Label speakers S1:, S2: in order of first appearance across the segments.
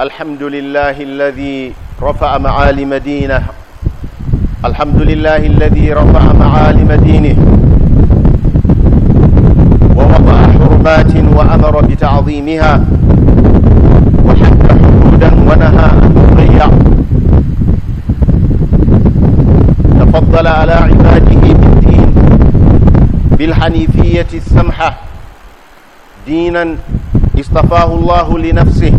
S1: الحمد لله الذي رفع معالم دينه الحمد لله الذي رفع معالم دينه ووضع حرمات وأمر بتعظيمها وحد حدودا ونهى عن تضيع تفضل على عباده بالدين بالحنيفية السمحة دينا اصطفاه الله لنفسه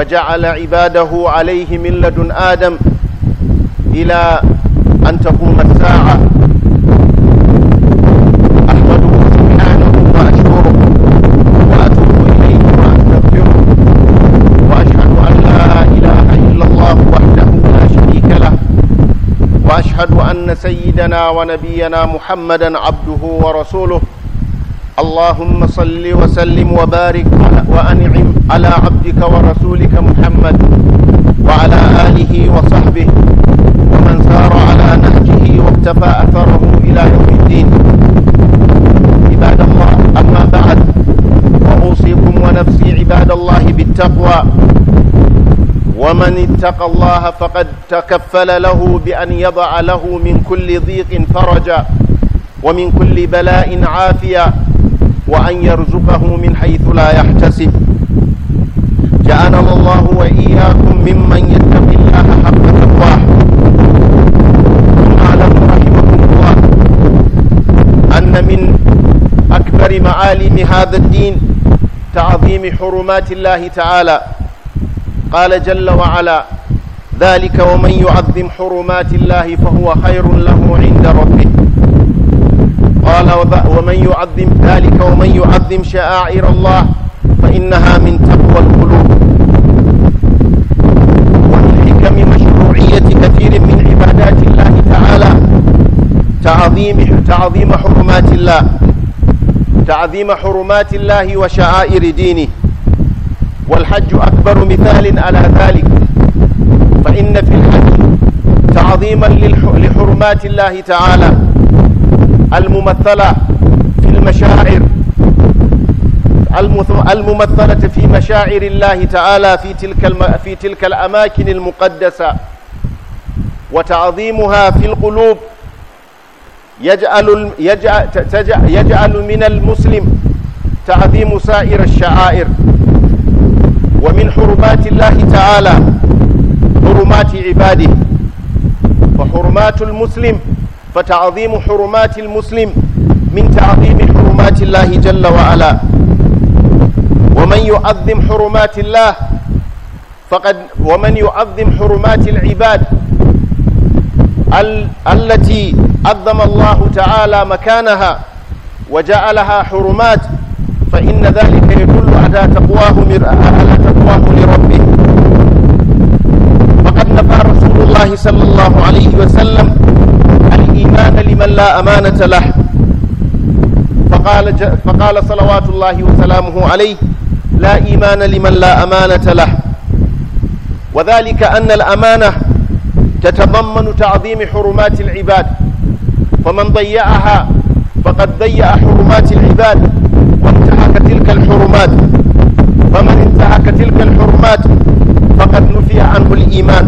S1: وجعل عباده عليه من لدن آدم إلى أن تقوم الساعة أحمده سبحانه وأشكره وأتوب إليه وأستغفره وأشهد أن لا إله إلا الله وحده لا شريك له وأشهد أن سيدنا ونبينا محمدا عبده ورسوله اللهم صل وسلم وبارك وأنعم على عبدك ورسولك محمد وعلى آله وصحبه ومن سار على نهجه واقتفى أثره إلى يوم الدين عباد الله أما بعد وأوصيكم ونفسي عباد الله بالتقوى ومن اتقى الله فقد تكفل له بأن يضع له من كل ضيق فرجا ومن كل بلاء عافية وأن يرزقه من حيث لا يحتسب جعلنا الله وإياكم ممن يتقي الله حق تقواه أعلم رحمكم الله أن من أكبر معالم هذا الدين تعظيم حرمات الله تعالى قال جل وعلا ذلك ومن يعظم حرمات الله فهو خير له عند ربه قال ومن يعظم ذلك ومن يعظم شعائر الله فإنها من تقوى القلوب ومن حكم مشروعية كثير من عبادات الله تعالى تعظيم تعظيم حرمات الله تعظيم حرمات الله وشعائر دينه والحج أكبر مثال على ذلك فإن في الحج تعظيما لحرمات الله تعالى الممثلة في المشاعر الممثلة في مشاعر الله تعالى في تلك في تلك الأماكن المقدسة وتعظيمها في القلوب يجعل يجعل, يجعل من المسلم تعظيم سائر الشعائر ومن حرمات الله تعالى حرمات عباده وحرمات المسلم فتعظيم حرمات المسلم من تعظيم حرمات الله جل وعلا ومن يعظم حرمات الله فقد ومن يعظم حرمات العباد ال التي عظم الله تعالى مكانها وجعلها حرمات فإن ذلك يدل على تقواه على تقواه لربه فقد نفى رسول الله صلى الله عليه وسلم لمن لا أمانة له فقال, ج... فقال صلوات الله وسلامه عليه لا إيمان لمن لا أمانة له وذلك أن الأمانة تتضمن تعظيم حرمات العباد فمن ضيعها فقد ضيع حرمات العباد وانتهك تلك الحرمات فمن انتهك تلك الحرمات فقد نفي عنه الإيمان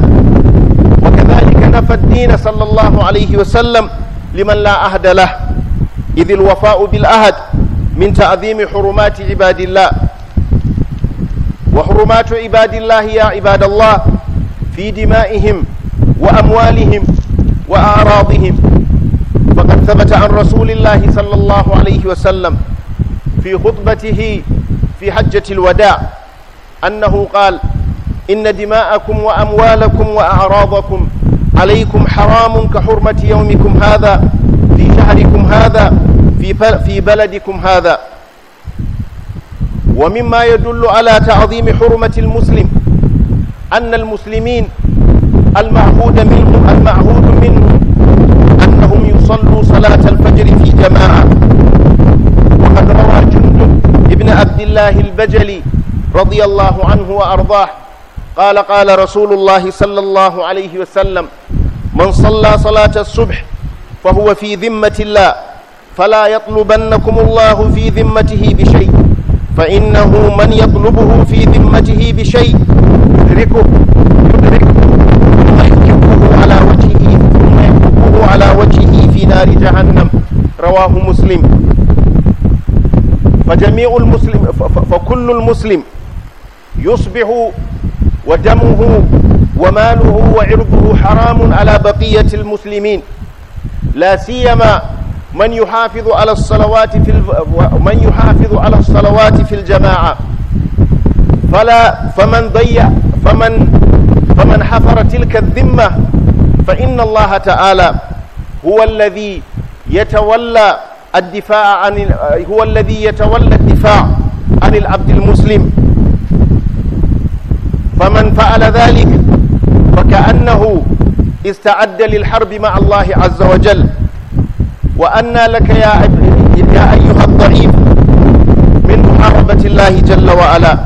S1: وكذلك نفى الدين صلى الله عليه وسلم لمن لا أهد له إذ الوفاء بالأهد من تعظيم حرمات عباد الله وحرمات عباد الله يا عباد الله في دمائهم وأموالهم وأعراضهم فقد ثبت عن رسول الله صلى الله عليه وسلم في خطبته في حجة الوداع أنه قال إن دماءكم وأموالكم وأعراضكم عليكم حرام كحرمة يومكم هذا في شهركم هذا في في بلدكم هذا ومما يدل على تعظيم حرمة المسلم أن المسلمين المعهود منهم المعهود منهم أنهم يصلوا صلاة الفجر في جماعة وقد روى جند ابن عبد الله البجلي رضي الله عنه وأرضاه قال قال رسول الله صلى الله عليه وسلم من صلى صلاة الصبح فهو في ذمة الله فلا يطلبنكم الله في ذمته بشيء فإنه من يطلبه في ذمته بشيء يدركه يدركه على وجهه يدركه على وجهه في نار جهنم رواه مسلم فجميع المسلم فكل المسلم يصبح ودمه وماله وعرضه حرام على بقية المسلمين لا سيما من يحافظ على الصلوات في من يحافظ على الصلوات في الجماعة فلا فمن ضيع فمن فمن حفر تلك الذمة فإن الله تعالى هو الذي يتولى الدفاع عن هو الذي يتولى الدفاع عن العبد المسلم فمن فعل ذلك كأنه استعد للحرب مع الله عز وجل وأنا لك يا, يا أيها الضعيف من محاربة الله جل وعلا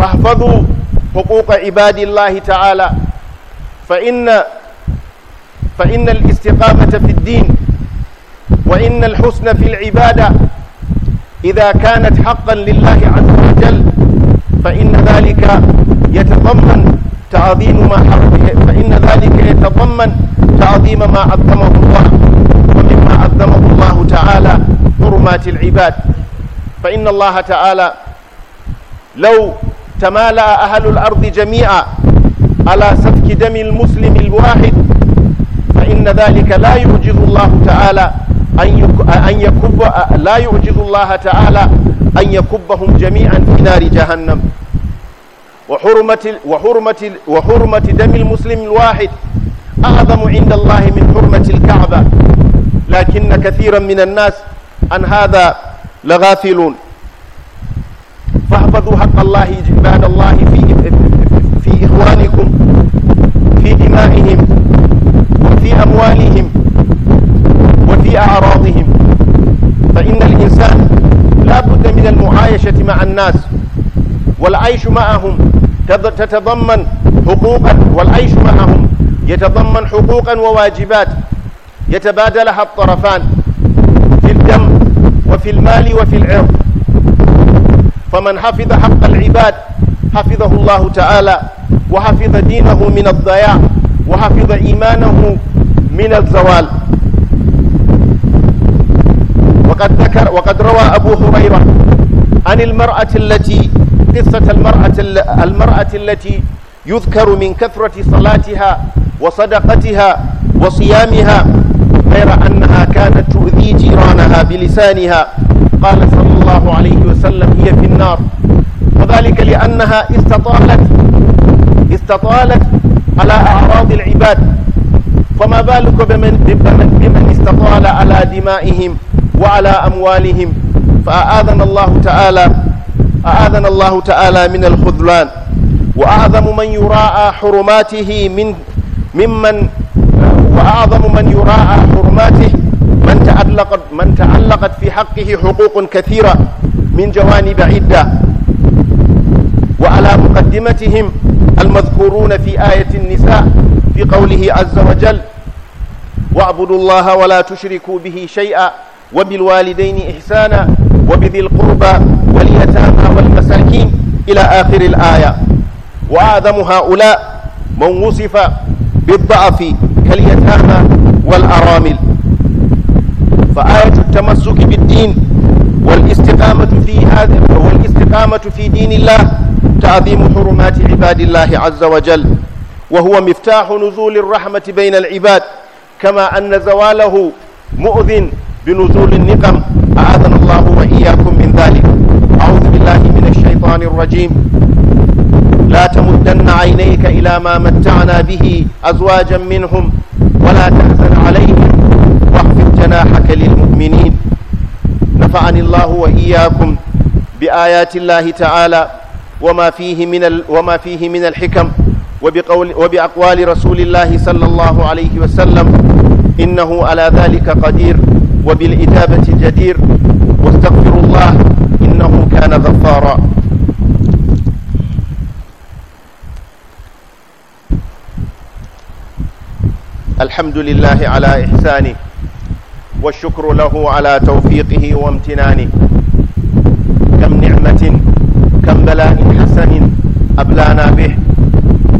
S1: فاحفظوا حقوق عباد الله تعالى فإن فإن الاستقامة في الدين وإن الحسن في العبادة إذا كانت حقا لله عز وجل فإن ذلك يتضمن تعظيم ما حقه فإن ذلك يتضمن تعظيم ما عظمه الله ومما عظمه الله تعالى حرمات العباد فإن الله تعالى لو تمالأ أهل الأرض جميعا على سفك دم المسلم الواحد فإن ذلك لا يعجز الله تعالى أن يكب لا يعجز الله تعالى أن يكبهم جميعا في نار جهنم وحرمة, وحرمة, وحرمة دم المسلم الواحد أعظم عند الله من حرمة الكعبة لكن كثيرا من الناس عن هذا لغافلون فاحفظوا حق الله عباد الله في في إخوانكم في دمائهم وفي أموالهم وفي أعراضهم فإن الإنسان لا بد من المعايشة مع الناس والعيش معهم تتضمن حقوقا والعيش معهم يتضمن حقوقا وواجبات يتبادلها الطرفان في الدم وفي المال وفي العرض فمن حفظ حق العباد حفظه الله تعالى وحفظ دينه من الضياع وحفظ إيمانه من الزوال وقد ذكر وقد روى أبو هريرة عن المرأة التي قصة المرأة, المرأة التي يذكر من كثرة صلاتها وصدقتها وصيامها غير أنها كانت تؤذي جيرانها بلسانها قال صلى الله عليه وسلم هي في النار وذلك لأنها استطالت استطالت على أعراض العباد فما بالك بمن, بمن, بمن استطال على دمائهم وعلى أموالهم فآذن الله تعالى أعاذنا الله تعالى من الخذلان وأعظم من يراعى حرماته من ممن وأعظم من يراعى حرماته من تعلقت من تعلقت في حقه حقوق كثيرة من جوانب عدة وعلى مقدمتهم المذكورون في آية النساء في قوله عز وجل واعبدوا الله ولا تشركوا به شيئا وبالوالدين إحسانا وبذي القربى واليتامى والمساكين إلى آخر الآية وأعظم هؤلاء من وصف بالضعف كاليتامى والأرامل فآية التمسك بالدين والاستقامة في هذا والاستقامة في دين الله تعظيم حرمات عباد الله عز وجل وهو مفتاح نزول الرحمة بين العباد كما أن زواله مؤذن بنزول النقم أعاذنا الله وإياكم من ذلك الشيطان الرجيم لا تمدن عينيك إلى ما متعنا به أزواجا منهم ولا تحزن عليهم واخفض جناحك للمؤمنين نفعني الله وإياكم بآيات الله تعالى وما فيه من ال وما فيه من الحكم وبقول وبأقوال رسول الله صلى الله عليه وسلم إنه على ذلك قدير وبالإجابة جدير واستغفر الله إنه كان غفارا الحمد لله على إحسانه والشكر له على توفيقه وامتنانه كم نعمة كم بلاء حسن أبلانا به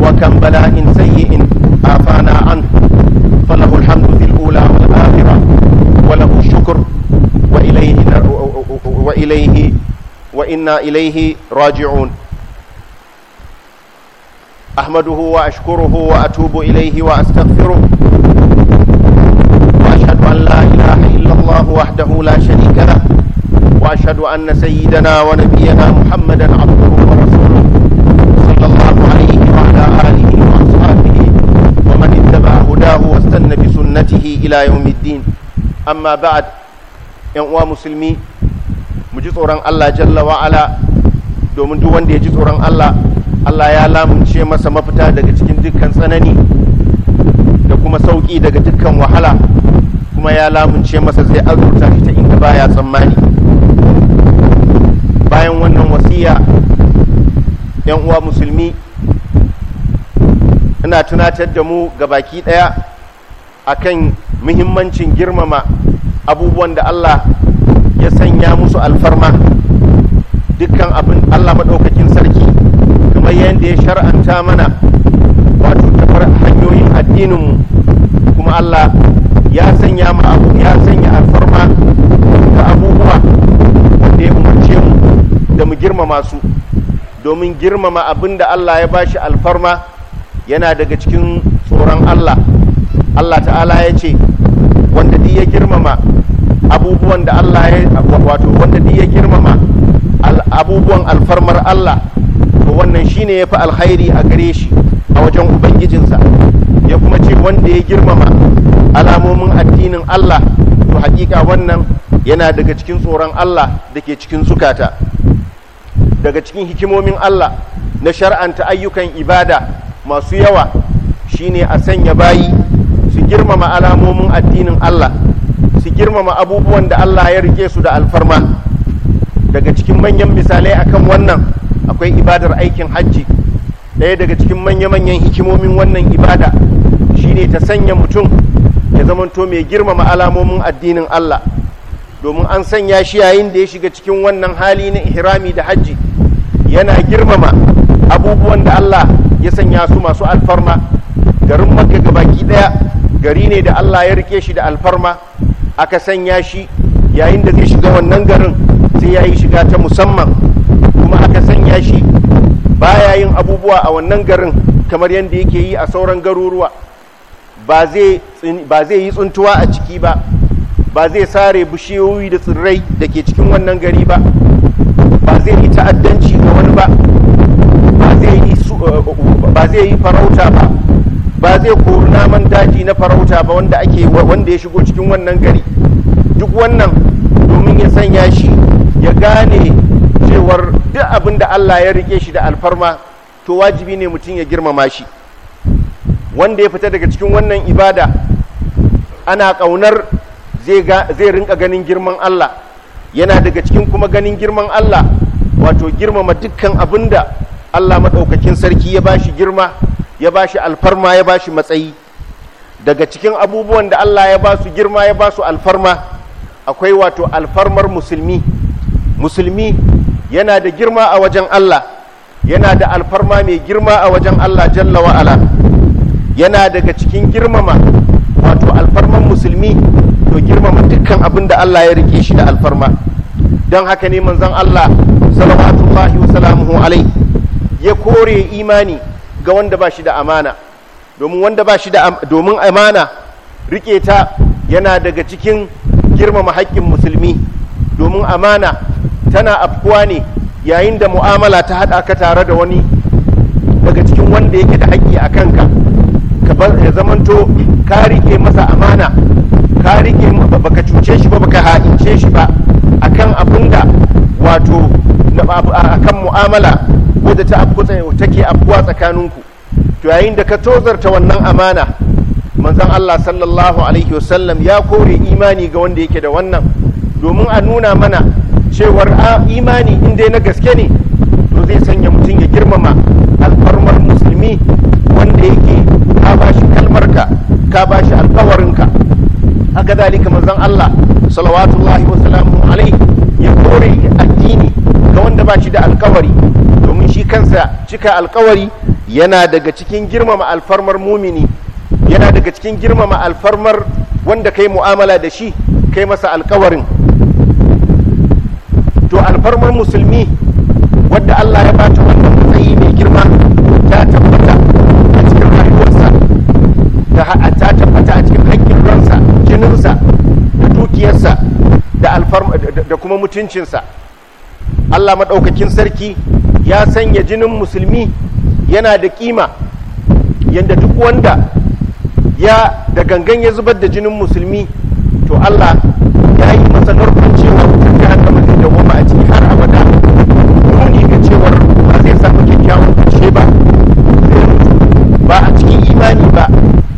S1: وكم بلاء سيء آفانا عنه فله الحمد في الأولى والآخرة وله الشكر وإليه, وإليه وإنا إليه راجعون أحمده وأشكره وأتوب إليه وأستغفره وأشهد أن لا إله إلا الله وحده لا شريك له وأشهد أن سيدنا ونبينا محمدا عبده ورسوله صلى الله عليه وعلى آله وأصحابه ومن اتبع هداه واستنى بسنته إلى يوم الدين أما بعد يا مسلمين مجد الله جل وعلا domin duk wanda ya ji tsoron Allah Allah ya lamunce masa mafita daga cikin dukkan tsanani da kuma sauƙi daga dukkan wahala kuma ya lamunce masa zai azurta shi ta inda baya tsammani bayan wannan wasiya yan uwa musulmi ina tunatar da mu ga baki ɗaya akan muhimmancin girmama abubuwan da Allah ya sanya musu alfarma dukkan abin Allah maɗaukakin sarki kamar yadda ya shar'anta mana wato tafar hanyoyin addininmu kuma Allah ya sanya mu abu ya sanya alfarma ga abubuwa wanda ya umarce mu da mu girmama su domin girmama abin da Allah ya bashi alfarma yana daga cikin tsoron Allah Allah ta'ala ya ce wanda duk ya girmama abubuwan da Allah ya wato wanda duk ya girmama abubuwan alfarmar Allah to wannan shine yafi alkhairi a gare shi a wajen ubangijinsa ya kuma ce wanda ya girmama alamomin addinin Allah to hakika wannan yana daga cikin tsoron Allah da ke cikin zukata daga cikin hikimomin Allah na shar'anta ayyukan ibada masu yawa shine a sanya bayi su girmama alamomin addinin Allah su girmama abubuwan da Allah ya rike su da alfarma daga cikin manyan misalai akan wannan akwai ibadar aikin hajji ɗaya daga cikin manya-manyan hikimomin wannan ibada shine ta sanya mutum ya zamanto mai girmama alamomin addinin Allah domin an sanya shi yayin da ya shiga cikin wannan hali na ihrami da hajji yana girmama abubuwan da Allah ya sanya su masu alfarma garin makka baki ɗaya gari ne da Allah ya rike shi da alfarma aka sanya shi yayin da zai shiga wannan garin sai ya yi shiga ta musamman kuma aka sanya shi baya yin abubuwa a wannan garin kamar yadda yake yi a sauran garuruwa ba zai yi tsuntuwa a ciki ba ba zai sare bishiyoyi da tsirrai da ke cikin wannan gari ba ba zai yi ta'addanci ga wani ba ba zai yi eh, eh, eh, farauta ba ba zai kori naman daji na farauta ba wanda wanda ya shigo cikin wannan gari duk wannan domin ya sanya shi ya gane cewar duk abin da Allah ya rike shi da alfarma to wajibi ne mutum ya girmama shi wanda ya fita daga cikin wannan ibada ana ƙaunar zai rinka ganin girman Allah yana daga cikin kuma ganin girman Allah wato girmama dukkan abin da Allah maɗaukakin sarki ya bashi girma ya bashi alfarma ya bashi matsayi daga cikin abubuwan da Allah ya ba su girma ya ba su alfarma akwai wato alfarmar musulmi musulmi yana da girma a wajen Allah yana da alfarma mai girma a wajen Allah jalla wa'ala yana daga cikin girmama wato alfarman musulmi to girmama dukkan abin da Allah ya rike shi da alfarma don haka ne manzon Allah salawatullahi salamuhu alai ya kore imani ga wanda ba shi da amana domin wanda ba shi da domin amana rike ta yana daga cikin girmama haƙƙin musulmi domin amana tana afkuwa ne yayin da mu'amala ta haɗa ka tare da wani daga cikin wanda yake da haƙƙi a kanka ka ya zamanto ka rike masa amana ka rike baka cuce shi ba baka ha'ince shi ba akan abin da wato akan mu'amala wadda ta take afkuwa tsakaninku to yayin da ka tozarta wannan amana manzan Allah sallallahu alaihi wasallam ya kore imani ga wanda yake da wannan domin a nuna mana cewar ah, imani in dai na gaske ne to zai sanya mutum ya girmama alfarmar musulmi wanda yake ka ba shi kalmarka ka ba shi alkawarinka haka zalika manzon Allah salawatullahi wa salamu ya kore addini ga wanda ba shi da alkawari domin shi kansa cika alkawari yana daga cikin girmama alfarmar mumini yana daga cikin girmama alfarmar wanda kai mu'amala da shi kai masa alkawarin to alfarmar musulmi wadda allah ya bata wannan matsayi mai girma ta tabbata a cikin rayuwarsa ta tabbata a cikin haƙƙin ransa jininsa da dukiyarsa da kuma mutuncinsa allah maɗaukakin sarki ya sanya jinin musulmi yana da ƙima yadda duk wanda ya da gangan ya zubar da jinin musulmi to Allah ya yi masa narko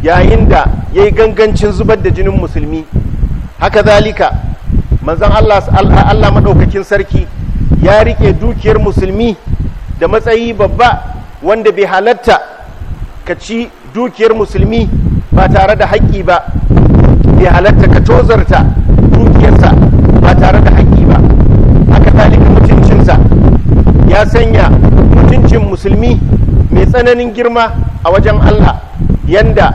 S1: yayin da ya yi gangancin zubar da jinin musulmi haka zalika manzan allah maɗaukakin sarki ya rike dukiyar musulmi da matsayi babba wanda bai halatta ka ci dukiyar musulmi ba tare da haƙƙi ba bai halatta ka tozarta dukiyarsa ba tare da haƙƙi ba haka zalika mutuncinsa ya sanya mutuncin musulmi mai tsananin girma a wajen allah yanda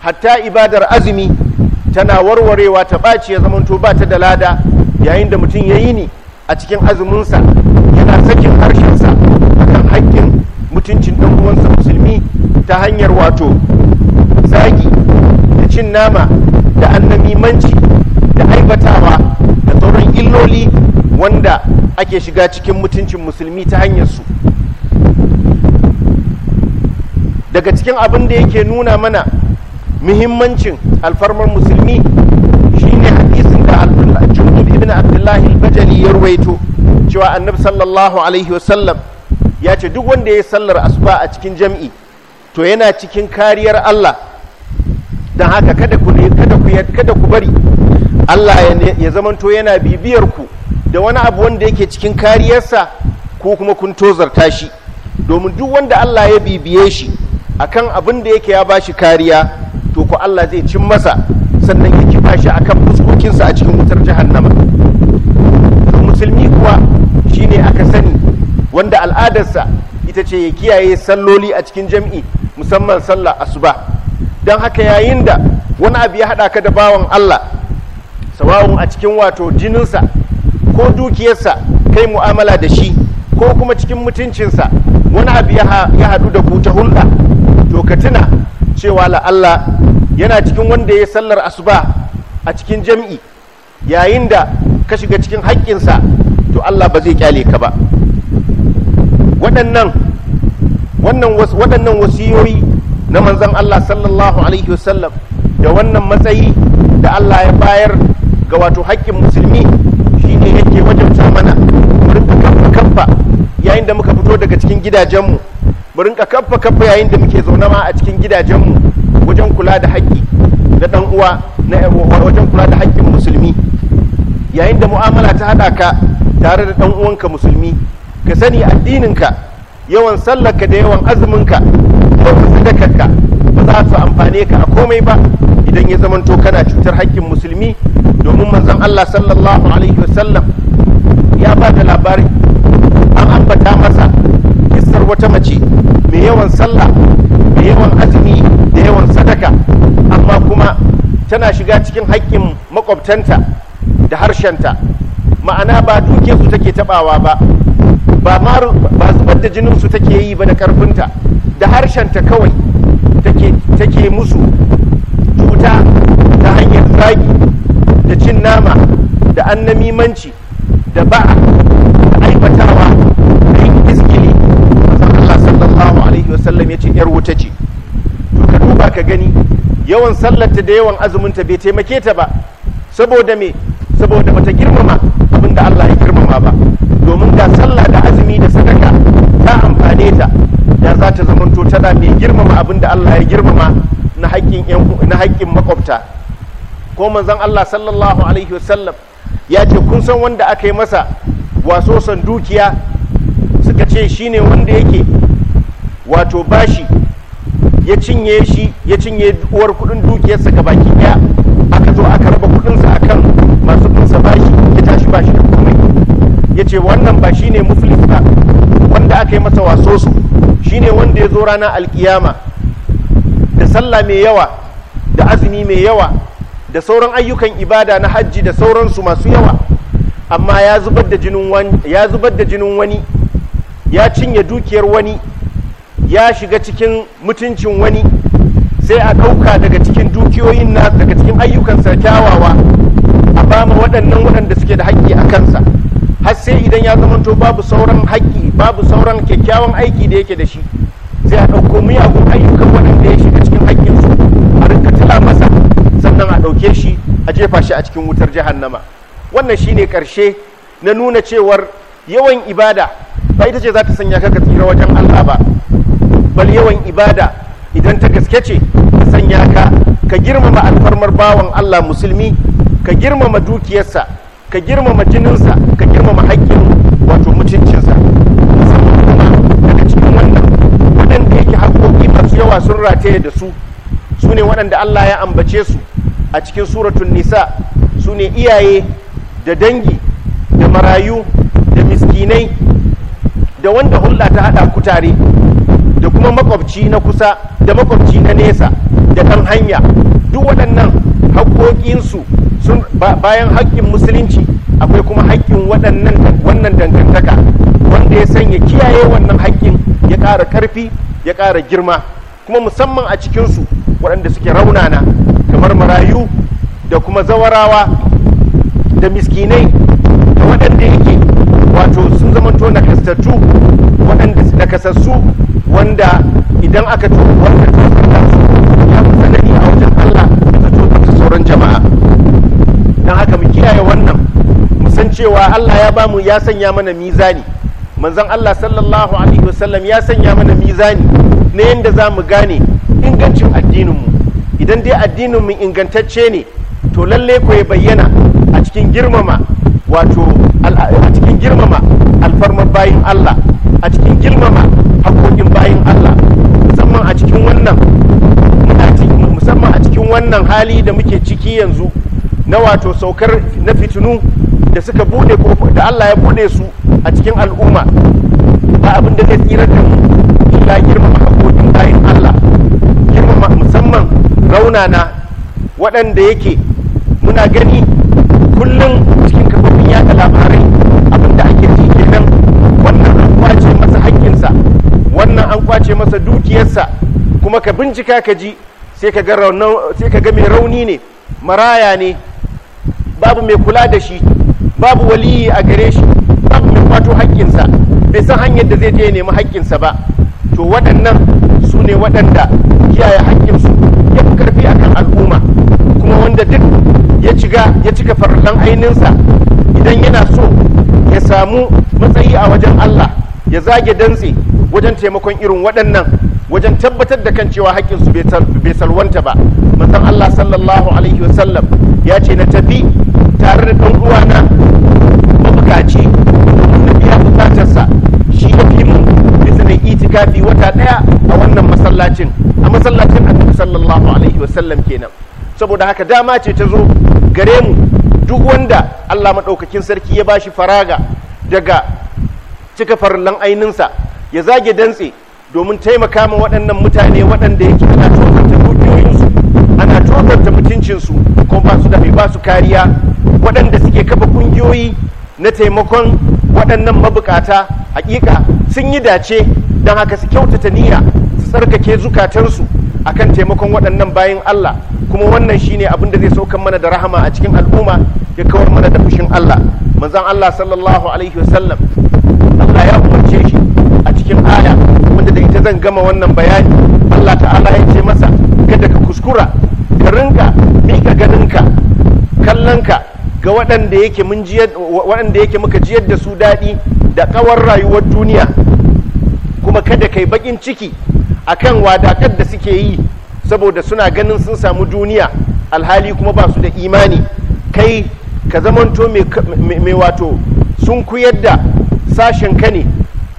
S1: hatta ibadar azumi tana warwarewa ta ɓaci ya zamanto ba ta da lada yayin da mutum ya yi ni a cikin azuminsa yana sakin harshensa kan haƙƙin mutuncin ɗan uwansa musulmi ta hanyar wato zagi da cin nama da annamimanci da aibatawa da sauran illoli wanda ake shiga cikin mutuncin musulmi ta hanyar su daga cikin abin da yake nuna mana muhimmancin alfarmar musulmi shine hadisin da jundub ibn abdullahi al-bajali ya ruwaito cewa annabi sallallahu alaihi wasallam ya ce duk wanda ya sallar asuba a cikin jam'i to yana cikin kariyar Allah dan haka kada ku kada ku kada ku bari Allah ya zamanto yana bibiyar ku da wani abu wanda yake cikin kariyarsa ko kuma kun tozarta shi domin duk wanda Allah ya bibiye shi akan abin da yake ya bashi kariya to ku Allah zai cin masa sannan ya kifa shi akan fuskokinsa a cikin wutar jahannama to musulmi kuwa shine aka sani wanda al'adarsa ita ce ya kiyaye salloli a cikin jam'i musamman sallah asuba don haka yayin da wani abu ya haɗa ka da bawan Allah sawawun a cikin wato jininsa ko dukiyarsa kai mu'amala da shi ko kuma cikin mutuncinsa wani abu ya haɗu da ku ta hulɗa ka tuna cewa la'alla yana cikin wanda ya sallar asuba a cikin jam'i yayin da ka shiga cikin haƙƙinsa to Allah ba zai kyale ka ba waɗannan waɗannan wasiyoyi na manzan Allah sallallahu alaihi wasallam da wannan matsayi da Allah ya bayar ga wato haƙƙin musulmi shine yake wajen mana mu kamfa kamfa yayin da muka fito daga cikin gidajenmu mu rinka kaffa kaffa yayin da muke zaune ma a cikin gidajenmu wajen kula da haƙƙi na dan uwa na wajen kula da haƙƙin musulmi yayin da mu'amala ta haɗa ka tare da ɗan uwanka musulmi ka sani addininka yawan sallarka da yawan azuminka yawan sadakarka ba za su amfane ka a komai ba idan ya zamanto kana cutar haƙƙin musulmi domin manzon Allah sallallahu alaihi wasallam ya ba da labari an ambata masa kissar wata mace yawan sallah da yawan azumi da yawan sadaka amma kuma tana shiga cikin haƙƙin makwabtanta da harshenta ma'ana ba duke su take tabawa ba ba ba zubar da jinin su take yi ba da karfinta da harshenta kawai take take musu cuta ta hanyar zagi da cin nama da annamimanci da ba'a sallam ya ce yar wuta ce to ka duba ka gani yawan sallarta da yawan azuminta bai taimake ta ba saboda me saboda bata girmama abin da Allah ya girmama ba domin ga sallah da azumi da sadaka ta amfane ta da za ta zamanto tana mai girmama abin da Allah ya girmama na haƙƙin na makwabta ko manzon Allah sallallahu alaihi wasallam ya ce kun san wanda aka yi masa waso san dukiya suka ce shine wanda yake wato bashi ya cinye shi ya cinye uwar kudin dukiyarsa ga baki daya aka zo aka raba kudinsa akan masu kunsa bashi ya tashi bashi da komai ya ce wannan ba shine muflis ba wanda aka yi masa waso su shine wanda ya zo rana alkiyama da sallah mai yawa da azumi mai yawa da sauran ayyukan ibada na hajji da sauransu masu yawa amma ya zubar da jinin wani ya cinye dukiyar wani ya shiga cikin mutuncin wani sai a kauka daga cikin dukiyoyin na daga cikin ayyukansa kyawawa a mu waɗannan waɗanda suke da haƙƙi a kansa har sai idan ya zamanto babu sauran haƙƙi babu sauran kyakkyawan aiki da yake da shi sai a ɗauko miyagun ayyukan waɗanda ya shiga cikin haƙƙinsu a rinka tila masa sannan a ɗauke shi a jefa shi a cikin wutar jahannama wannan shine ƙarshe na nuna cewar yawan ibada ba ita ce za ta sanya ka tsira wajen Allah ba bal yawan ibada idan ta gaske ce ka sanya ka ka girmama alfarmar bawan Allah musulmi ka girmama dukiyarsa ka girmama jininsa ka girmama haƙƙin wato mutuncinsa daga cikin wannan waɗanda yake haƙoƙi masu yawa sun rataye da su su ne waɗanda Allah ya ambace su a cikin suratun nisa su ne iyaye da dangi da marayu da miskinai da wanda hulɗa ta haɗa kutare da kuma makwabci na kusa da makwabci na nesa da ɗan hanya duk waɗannan haƙoƙinsu bayan haƙƙin musulunci akwai kuma haƙƙin waɗannan wannan dangantaka wanda ya sanya kiyaye wannan haƙƙin ya ƙara ƙarfi ya ƙara girma kuma musamman a cikinsu waɗanda suke raunana kamar marayu da kuma zawarawa da miskinai da waɗanda yake wato sun zamanto nakasassu wanda idan aka tofa wanda ta da su ya fi tsanani a wajen Allah a tofar sauran jama'a don haka mu kiyaye wannan mu san cewa Allah ya bamu ya sanya mana mizani manzon Allah sallallahu alaihi wasallam ya sanya mana mizani na yadda za mu gane ingancin addininmu idan dai addinin mu ingantacce ne to lalle ku ya bayyana a cikin girmama wato a cikin girmama alfarmar bayin Allah a cikin girmama hakokin bayin Allah musamman a cikin wannan musamman a cikin wannan hali da muke ciki yanzu na wato saukar na fitinu da suka bude da Allah ya bude su a cikin al'umma ba abin da zai tsira da mu illa girmama hakokin bayin Allah girmama musamman raunana waɗanda yake muna gani kullum cikin kafofin yaɗa labarai wannan an kwace masa dukiyarsa kuma ka bincika ka ji sai ka ga mai rauni ne maraya ne babu mai kula da shi babu waliyi a gare shi babu mai kwato haƙƙinsa bai san hanyar da zai je nemi haƙƙinsa ba to waɗannan su ne waɗanda kiyaye haƙƙinsu ya fi karfi akan al'umma kuma wanda duk ya ya cika farallan ainihinsa idan yana so ya samu matsayi a wajen Allah ya zage dantse wajen taimakon irin waɗannan wajen tabbatar da kan cewa haƙƙinsu bai salwanta ba mazan Allah sallallahu alaihi wasallam ya ce na tafi tare da ɗan uwana mabukaci na biya bukatarsa shi ya fi mun bisa itikafi wata ɗaya a wannan masallacin a masallacin annabi sallallahu alaihi wasallam kenan saboda haka dama ce ta zo gare mu duk wanda Allah maɗaukakin sarki ya bashi faraga daga cika farillan aininsa ya zage dantse domin taimaka ma waɗannan mutane waɗanda yake ana tokanta dukiyoyinsu ana tokanta mutuncinsu ko ba su da mai ba su kariya waɗanda suke kafa ƙungiyoyi na taimakon waɗannan mabukata hakika sun yi dace don haka su kyautata niyya su tsarkake zukatansu akan taimakon waɗannan bayan Allah kuma wannan shine abin da zai saukan mana da rahama a cikin al'umma ya kawar mana da fushin Allah manzon Allah sallallahu alaihi wasallam Allah ya umarce shi a cikin aya wanda da ita zan gama wannan bayani Allah ta'ala ya ce masa kada ka kuskura ka rinka mika ganinka kallonka ga waɗanda yake mun waɗanda yake muka jiyar da su daɗi da ƙawar rayuwar duniya kuma kada kai baƙin ciki akan wadakar da suke yi saboda suna ganin sun samu duniya alhali kuma ba su da imani kai ka zamanto mai wato sun kuyar da sashen ka ne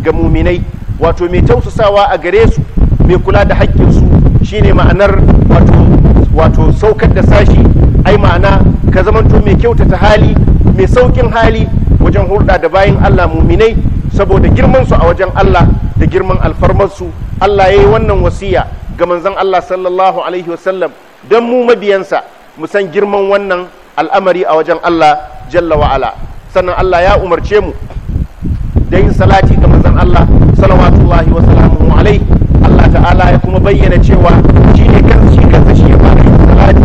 S1: ga muminai wato mai tausasawa a gare su mai kula da haƙƙinsu shine ma'anar wato saukar da sashi ai ma'ana ka zamanto mai kyautata hali mai saukin hali wajen hulɗa da bayan allah muminai saboda girmansu a wajen allah da girman alfarmarsu allah ya yi wannan wasiya ga manzon allah sallallahu alaihi wasallam don mu mabiyansa mu san girman wannan al'amari a wajen allah jalla wa'ala sannan allah ya umarce mu da yin salati ga manzon Allah salawatullahi wa salamuhu alaihi Allah ta'ala ya kuma bayyana cewa shi ne kan shi kan shi ya fara yin salati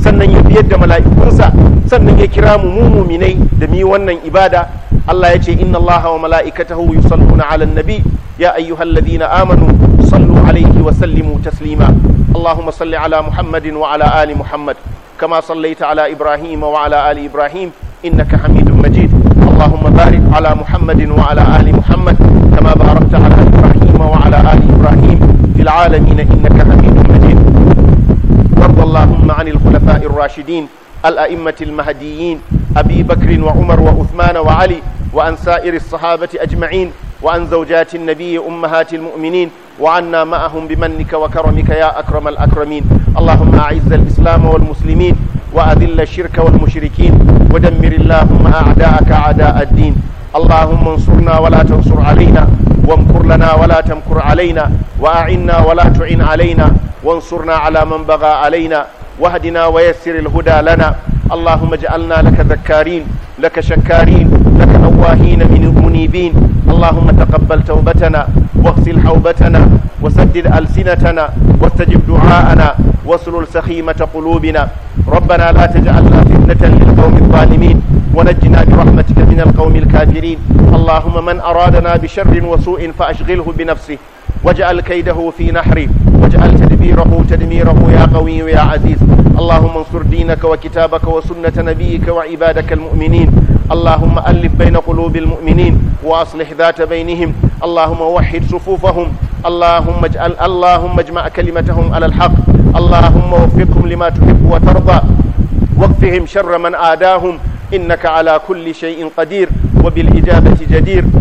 S1: sannan ya biyar da mala'ikunsa sannan ya kira mu mu muminai da mi wannan ibada Allah ya ce inna Allah wa mala'ikatahu yusalluna 'alan nabi ya ayyuhalladhina amanu sallu 'alaihi wa sallimu taslima Allahumma salli 'ala Muhammadin wa 'ala ali Muhammad kama sallaita 'ala Ibrahim wa 'ala ali Ibrahim innaka Hamidum Majid اللهم بارك على محمد وعلى آل محمد كما باركت على إبراهيم وعلى آل إبراهيم في العالمين إنك حميد مجيد وارض اللهم عن الخلفاء الراشدين الأئمة المهديين أبي بكر وعمر وعثمان وعلي وأن سائر الصحابة أجمعين وأن زوجات النبي أمهات المؤمنين وعنا معهم بمنك وكرمك يا أكرم الأكرمين اللهم أعز الإسلام والمسلمين وأذل الشرك والمشركين ودمر اللهم أعداءك أعداء الدين اللهم انصرنا ولا تنصر علينا وامكر لنا ولا تمكر علينا وأعنا ولا تعن علينا وانصرنا على من بغى علينا واهدنا ويسر الهدى لنا اللهم اجعلنا لك ذكارين لك شكارين لك أواهين من منيبين اللهم تقبل توبتنا واغسل حوبتنا وسدد ألسنتنا واستجب دعاءنا واسلل سخيمة قلوبنا ربنا لا تجعلنا فتنة للقوم الظالمين ونجنا برحمتك من القوم الكافرين اللهم من أرادنا بشر وسوء فأشغله بنفسه واجعل كيده في نحره واجعل تدبيره تدميره يا قوي يا عزيز اللهم انصر دينك وكتابك وسنة نبيك وعبادك المؤمنين اللهم ألف بين قلوب المؤمنين وأصلح ذات بينهم اللهم وحد صفوفهم اللهم اجعل اللهم اجمع كلمتهم على الحق اللهم وفقهم لما تحب وترضى واكفهم شر من آداهم إنك على كل شيء قدير وبالإجابة جدير